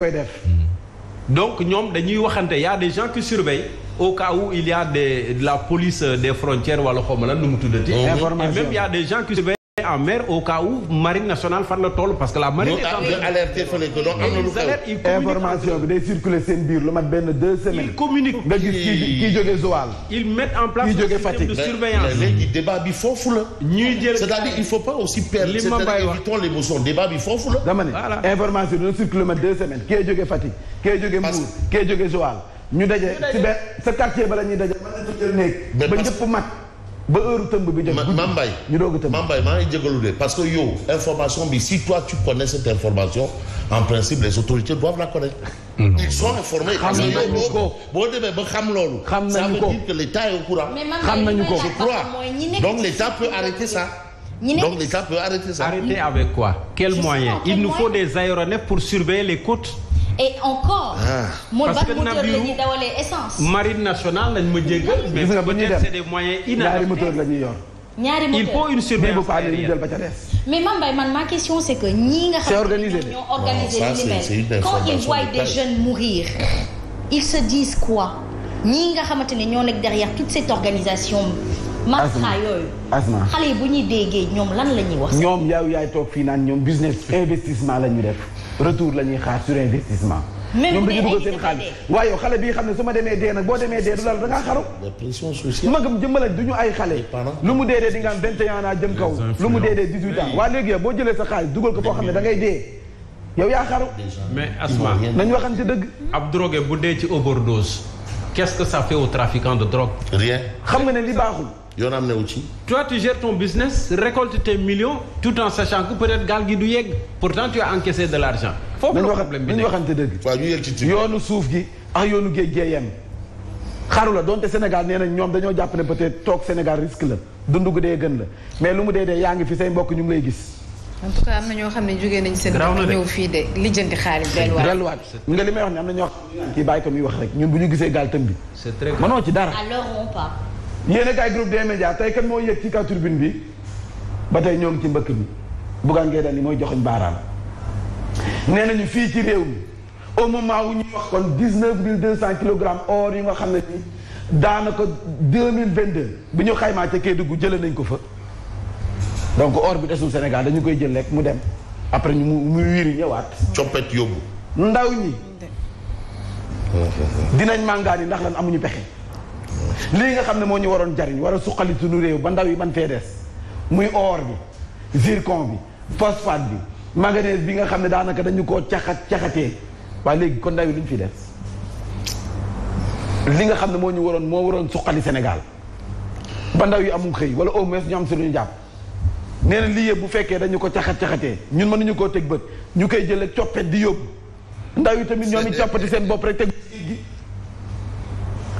koy donc ñoom dañuy waxante y des gens qui surveillent au cas où de la police euh, des frontières wala xaw ma lan nu mu tuddati. information et même des gens qui surveillent. en mer au cas où marine nationale fan la toll parce que la marine. est alerté fële information bi day circuler seen biir lu mat benn deux semaines. nga gis kii kii jóge Joal. il met en place un système de surveillance léegi bi foofu la. ñuy jël c'est-à-dire il faut ma bay wax cest à mat deux semaines kii jóge Fatick. kii jóge Mbour kii jóge Joal. ñu daje sa quartier ba ñuy daje. ba ñëpp mat. ba heure tëmb bi. jot ma parce que yow information bi si toi tu connais cette information en principe les autorités doivent la connaître. Hmm. ils sont informés. xam nañu ko boo demee ba xam loolu. xam nañu ko ça veut l'État est ko je crois donc l'État peut arrêter avec quoi. quel moyen il nous faut des aéronefs pour surveiller les côtes. et encore. waaw ah. parce que Nabiou marine nationale lañ ma jéggal. mais peut-être c'est des moyens inadaptés ñaari moteur la ñuy yor. ñaari moteur il faut une surveillance mais Mame Mbaye man ma question c'est que ñii nga. xam ne ñoo organisé li mel quand ils voient des jeunes mourir ils se disent quoi ñii nga xamante ne ñoo nekk derrière toute cette organisation. asma yooyu. asma xale yi bu ñuy déggee ñoom lan la ñuy wax. ñoom yaay yaay toog fii naan ñoom business investissement la ñu def. retour la ñuy xaar sur investissement. ñoom dañuy dugal seen xaalis waaye xale bii xam ne su ma demee dee nag boo demee dee du lal da ngaa xaru. la pression sociale magam jëmbalañ du ñu ay xale. lu mu dee dee di nga am 21 ans jëm kaw. lu mu dee dee 18 ans waa léegi yow boo jëlee sa xaalis dugal ko foo xam ne da dee. yow yaa xaru. mais Asma nañu waxante dëgg. ab drogué bu dee ci overdose. qu'est-ce que de drogue. xam nga ne li baaxul. yoonam newu ci. toi tu gères ton business récolte tes millions tout en sachant que peut-être gaal gi du yegg pourtant tu as encaissé de dëgg. yoonu suuf gi ak yoonu géej gee yem. xaru Sénégal nee ñoom dañoo jàpp ne peut-être toog Sénégal risque la dund gu dee gën la mais lu mu dee dee yaa ngi fi say mbokk ñu ngi lay gis. en tout am na ñoo xam ne jógee nañ seen. garaaw ñëw fii de lijjanti xaalis. delluwaat delluwaat nga li may wax ne am na ñoo xam ne kii bàyyi ko muy wax rek bu ñu gisee gaal bi. c'est très yéen a kaay groupe des médias tey kan moo yëg ci kaw turbine bi ba tey ñoo ci mbëkk mi buggaan ngay dal ni mooy joxuñ baaraam nee nañu fii ci réew mi au moment wu ñuy wax kon dix mille deux cent kilogrammes or yu nga xam ne ni daanaka deux mille vingt deux bi ñu xaymaa ca duggu jëlee nañ ko fa donc or bu desul Sénégal dañu koy jël rek mu dem après ñu mu wiiri ñëwaat. coppet yóbbu. ndaw ñi. Mm-hmm. dinañ yi ndax lan amuñu pexe. lii nga xam ne moo ñu waroon jariñ war a suqali suñu réew ba ndaw yi man fee des muy or bi zircon bi phosphate bi manganèse bi nga xam ne daanaka dañu koo caxat caxatee waaye léegi ko ndaw yi luñ fi des li nga xam ne moo ñu waroon moo waroon suqali Sénégal ba ndaw yi amul xëy wala au moins ñu am si jàpp nee na lii yëpp bu fekkee dañu ko caxat caxatee ñun mënuñu koo teg bët ñu koy jëlee coppet di yóbbu ndaw yi tamit ñoom i coppati seen bopp rek teg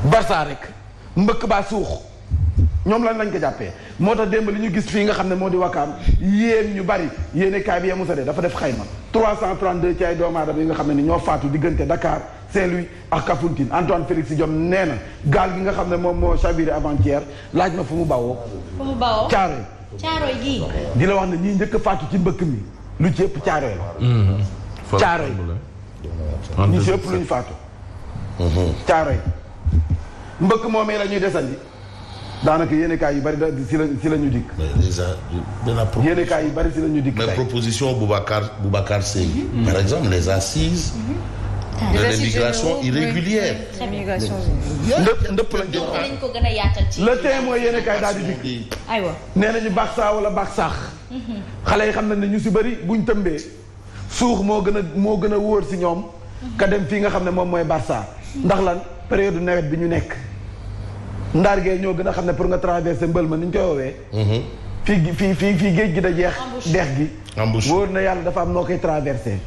barça rek mbëkk baa suux ñoom lan lañ ko jàppee moo tax démb li ñu gis fii nga xam ne moo di wakkaam yéen ñu bari yéene kaay bi yemu sa de dafa def xayma 332 ci ay doomu aadama yi nga xam ne ni ñoo faatu diggante Dakar Saint-Louis ak Kafountine Antoine Félix Diome nee na gaal gi nga xam ne moom moo chaviré avant-hier laaj ma fu mu bawoo fu mu bawoo wax ne ñii njëkk faatu ci mbëkk mi lu ci ëpp Caaroy la Caaroy mm-hmm. ñi ci ëpp lu ñu faatu Caaroy mm-hmm. mbëkk moom yi la ñuy desandi daanaka yéenekaay yu bari da si la si dikk. mais déjà yéenekaay yu bari si la ñu dikk. mais proposition Boubacar Boubacar Sèye. Mhm. par exemple les assises. Mhm. de l'immigration a ci. le thème mooy yéenekaay daal di dikk. aywa nee nañu baax saa wala baax saax. Mhm. xale yi xam nañ ne ñu si bari buñ tëmbee suux moo gën a moo gën a wóor si ñoom. ka dem fii nga xam ne moom mooy barsa ndax lan période nawet bi ñu nekk. ndaar gee ñoo gën a xam ne pour nga traversé mbël ma ni ñu koy woowee. Mhm. fii fii fii fii géej gi da jeex. dex gi. wóor na yàlla dafa am noo koy traversé.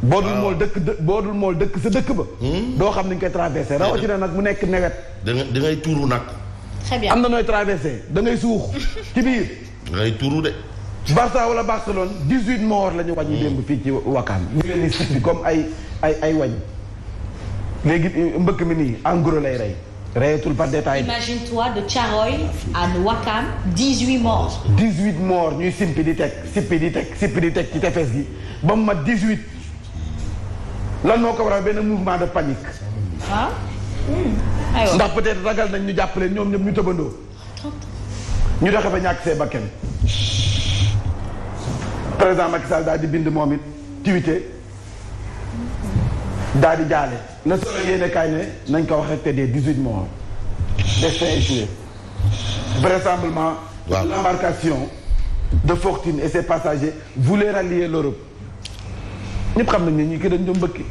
boo dul ah. mool dëkk dë boo dul mool dëkk sa dëkk ba. Hmm? doo xam ni ñu koy traversé rawatina nag mu nekk nawet. da ngay da ngay tuuru nag. am na nooy traversé da ngay suux ci biir. da ngay tuuru de. Barça wala Barcelone dix-huit morts la ñu wàññi hmm. démb fii ci Wakam. ñu leen di comme ay ay ay wañ léegi mbëkk mi nii en lay rey. rayatul par détail. imagine-toi de Thiaroye à Ouakam 18 morts. 18 morts ñuy simpi di teg simpi di teg simpi di teg ci tefes gi ba mu mat 18 lan moo ko waral benn mouvement de panique. ah. Hmm. ndax peut-être ragal nañ ñu jàppale ñoom ñoom ñu tëbandoo. ñu doxe ba ñàkk see bakkan président Macky Sall daal di bind moom it tiwite daal di jaale na solo yéene kaay ne nañ ko wax rek te des dix-huit morts destin échoué vraisemblablement waaw l'embarcation de fortune et ses passagers voulaient rallier l'Europe ñëpp xam nañ ne ñi ki dañ doon bëkki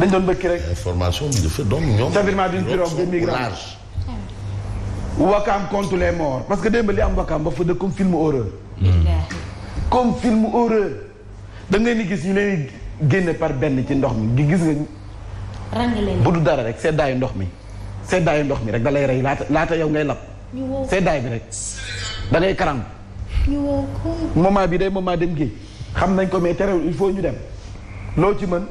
dañ doon bëkki rek information bi dafa doon ñoom chavirement d'une pirogue de migrants wakaam compte les morts parce que démb li am wakaam ba fa de comme film horreur mm. comme film horreur da ni gis ñu leen génne par benn ci ndox mi gi gis nga. ràññale bu du dara rek seddaayu ndox mi seddaayu ndox mi rek da rey laata laata yow ngay lab. ñu woo seddaay bi rek da ngay karam. moment bi de moment dem géej xam nañ ko mais terewul il faut ñu dem loo ci mën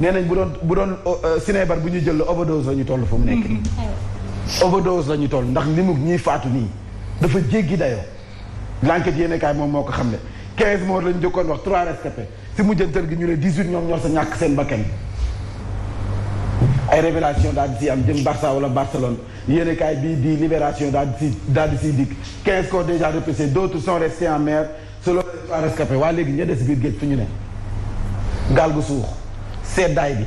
nee nañ bu doon bu doon euh, euh, sinébar bu ñu jël la overdose la ñu toll fu mu nekk nii. Mm-hmm. overdose la ñu toll ndax limu ñuy faatu nii dafa jéggi dayoo. l'enquête yéen moom moo ko xam ne. 15 morts lañu jëkkoon wax 3 rescapés si mujjantal gi ñu ne 18 ñoom ñoo sa ñàkk seen bakkan ay révélation daal di si am jëm Barça wala Barcelone yéene kaay bii di libération daal di si daal di si dikk 15 corps déjà repêchés d'autres sont restés en mer selon les trois rescapés waa léegi ña des biir géej fu ñu ne gaal gu suux seddaay bi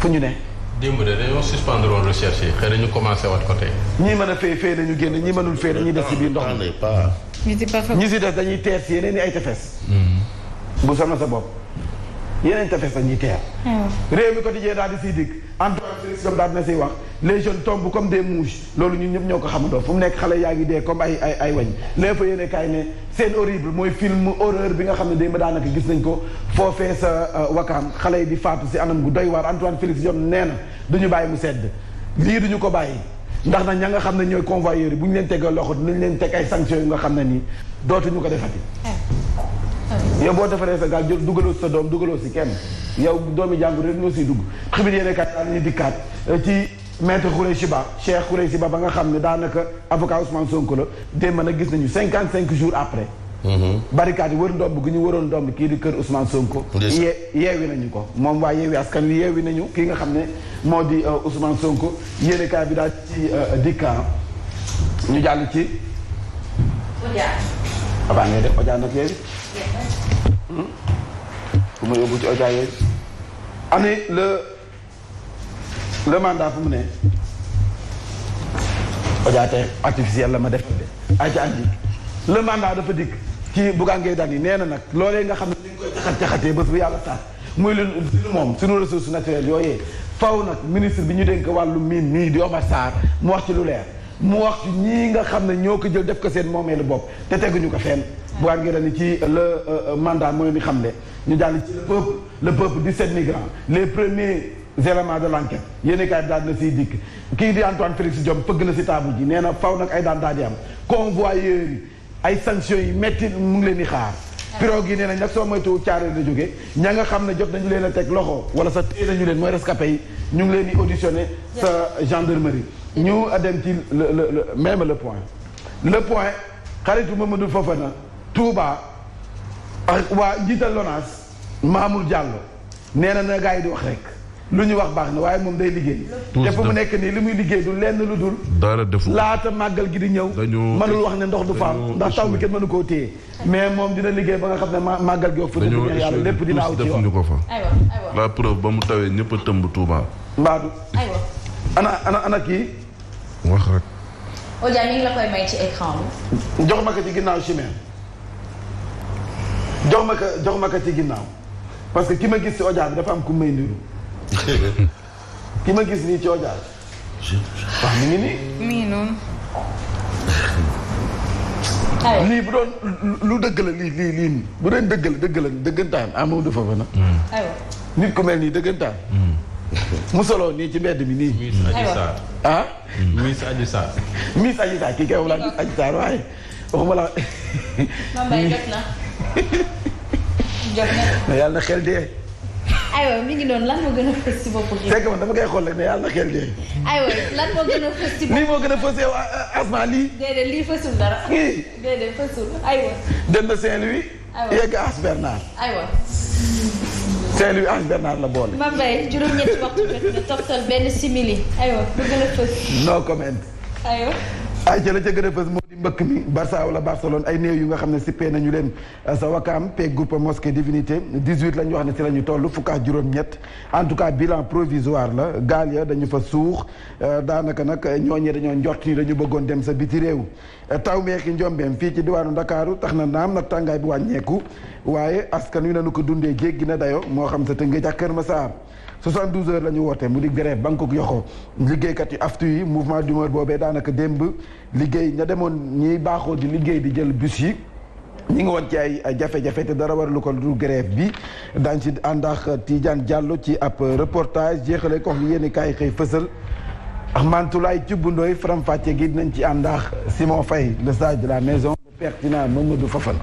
fu ñu ne démb de dañoo suspendre woon recherche yi xëy ñu commencé waat ko tey. ñi mën a fee fee nañu génn ñi mënul fee dañuy des ci biir ndox mi. ñi si ñi si des dañuy teer si yeneen i ay tefes. Hmm. bu sama sa bopp yeneen tefes dañuy teer. Hmm. réew mi quotidien daal di siy dikk. Antoine Félix Diome daal dina say wax les jeunes tombent comme des mouches loolu ñu ñëpp ñoo ko xamandoo fu mu nekk xale yaa ngi dee comme ay ay ay wañ léegi fa yéene kaay seen horrible mooy film horreur bi nga xam ne démb daanaka gis nañ ko foofee sa euh, wakaam xale yi di faatu si anam gu doy waar Antoine Félix Diome nee na du ñu mu sedd lii du ko bàyyi ndax nag ña nga xam ne ñooy convoyeurs yi bu ñu leen tegee dinañ leen teg ay sanctions yu nga xam ne nii dootuñu ko defati. Eh. yow boo defaree sa gaal jël dugaloo sa doom dugaloo si kenn yow doomi jàmbur rek ñoo siy dugg xibir yéene kaay daal ñu dikkaat euh, ci maître Khoureychi Ba Cheikh Khoureychi Ba ba nga xam ne daanaka avocat Sonko la démb nag gis nañu cinquante cinq jours après mm-hmm. barricade yi wër ndomb ñu waroon ndomb kii di kër Ousmane Sonko yee yeewi nañu ko moom waa yeewi askan wi yeewi nañu kii nga xam ne moo di euh, Ousmane Sonko yéene bi daal ci euh, dikkaat ñu jàll ci Odia nag yeewi bu ma yóbbu ci ojaay yooyu. année le le fu mu ne. ojaate artificiel la ma def. ay ci andi le mandat dafa dikk. ci Bougane Gueye Dany nee na nag loolee nga xam ne dañ koy jaxat jaxatee bés bu yàlla tax muy lu moom suñu ressource naturelle yooyee faw nag ministre bi ñu dénk wàllu miin nii di Omar Sarr mu wax ci lu leer mu wax ci ñii nga xam ne ñoo ko jël def ko seen lu bopp te teguñu ko fenn. Bougane Gueye Dany ci le euh, euh, mandat mooy ni xam ne ñu daal ci le peuple le peuple dix-sept migrants les premiers éléments de l'enquête yéen i daal na siy dikk kii di Antoine Félix Diome fëgg na si taabu ji nee na faw nag ay daan daal di am convoyeurs yi ay sanctions yi metti mu ngi leen di xaar pirogue yi nee nañ nag soo moytuwul caaree la jóge ña nga xam ne jot nañu leen a teg loxo wala sa téye nañu leen mooy rescapé yi ñu ngi leen di auditionné sa gendarmerie ñu dem ci le même le point le point xaritu Mamadou Fofana Touba ak waa njiital Lonaas Mamour Diallo nee na na gars yi di wax rek lu ñu wax baax ni waaye moom day liggéey. te fu mu nekk nii li muy liggéey du lenn lu dul. dara deful laata màggal gi di ñëw. mënul wax ne ndox du faam ndax taw bi kenn mënu koo téye. mais moom dina liggéey ba nga xam ne màggal gi wax fa dañoo yàlla lépp dina aw ci yoon ko ba mu tawee ñëpp a tëmb Touba. Mbadou. aywa ana ana wax rek. ci jox ma ko ci ginnaaw chimère. jox ma ko jox ma ko ci ginnaaw parce que ki ma gis ci ojaar bi dafa am ku may niru ki ma gis nii ci ojaar wax dëgg la lii dëgg la dëgg la dëggantaan ah moom dafa fa na. Hmm. nit ku mel nii dëggantaan. Hmm. mu soloo ci mbedd mi nii. Miss Adji Sarr ah. Hmm. Miss Adji Sarr. Miss Adji Sarr kii kay wala Miss mais yàlla na xel dee. aywa mi ngi doon lan moo gën a fës ci bopp gi. fekk man dama koy xool rek ne yàlla na xel dee. aywa lan moo gën a fës ci bopp lii moo gën a fës yow asma lii. déedéet lii fësul dara. lii déedéet aywa. dem na Saint-Louis. aywa yegg As Bernard. aywa. Saint-Louis As Bernard la boole. ma bay juróom-ñetti waxtu benn simili. aywa lu gën a fës. no comment. aywa. ay ca la gën a fës mbëkk mi Barça wala Barcelone ay new yu nga xam ne sippee nañu leen sa wakaam pe groupe mosquée divinité 18 lañu wax ne ci lañu ñu toll fukk ak juróom-ñett en tout cas bilan provisoire la gaal ya dañu fa suux euh, daanaka nag ñooñee dañoo njort ni dañu bëggoon dem sa biti réew taw meeki njombeem fii ci diwaanu Ndakaaru tax na naam nag tàngaay bi wàññeeku waaye askan wi nañu ko dundee jéggi na dayoo moo xam sa Tëngéej ak Kër Masaar 72 heures la ñu woote mu di grève Bangkok yoxoo liggéeykat yi aftu yi mouvement d'humeur boobee daanaka démb liggéey ña demoon ñiy baaxoo di liggéey di jël bus yi ñi ngi woon ci ay jafe-jafe te dara war lu ko du grève bi daañ si àndax Tidiane Diallo ci ab reportage jeexale ko li yéen kaay xëy fësal Ahmantulaay Cubundooy faram-fàcce gi dinañ ci àndax Simon Faye le sage de la maison le pertinent Mamadou Fofana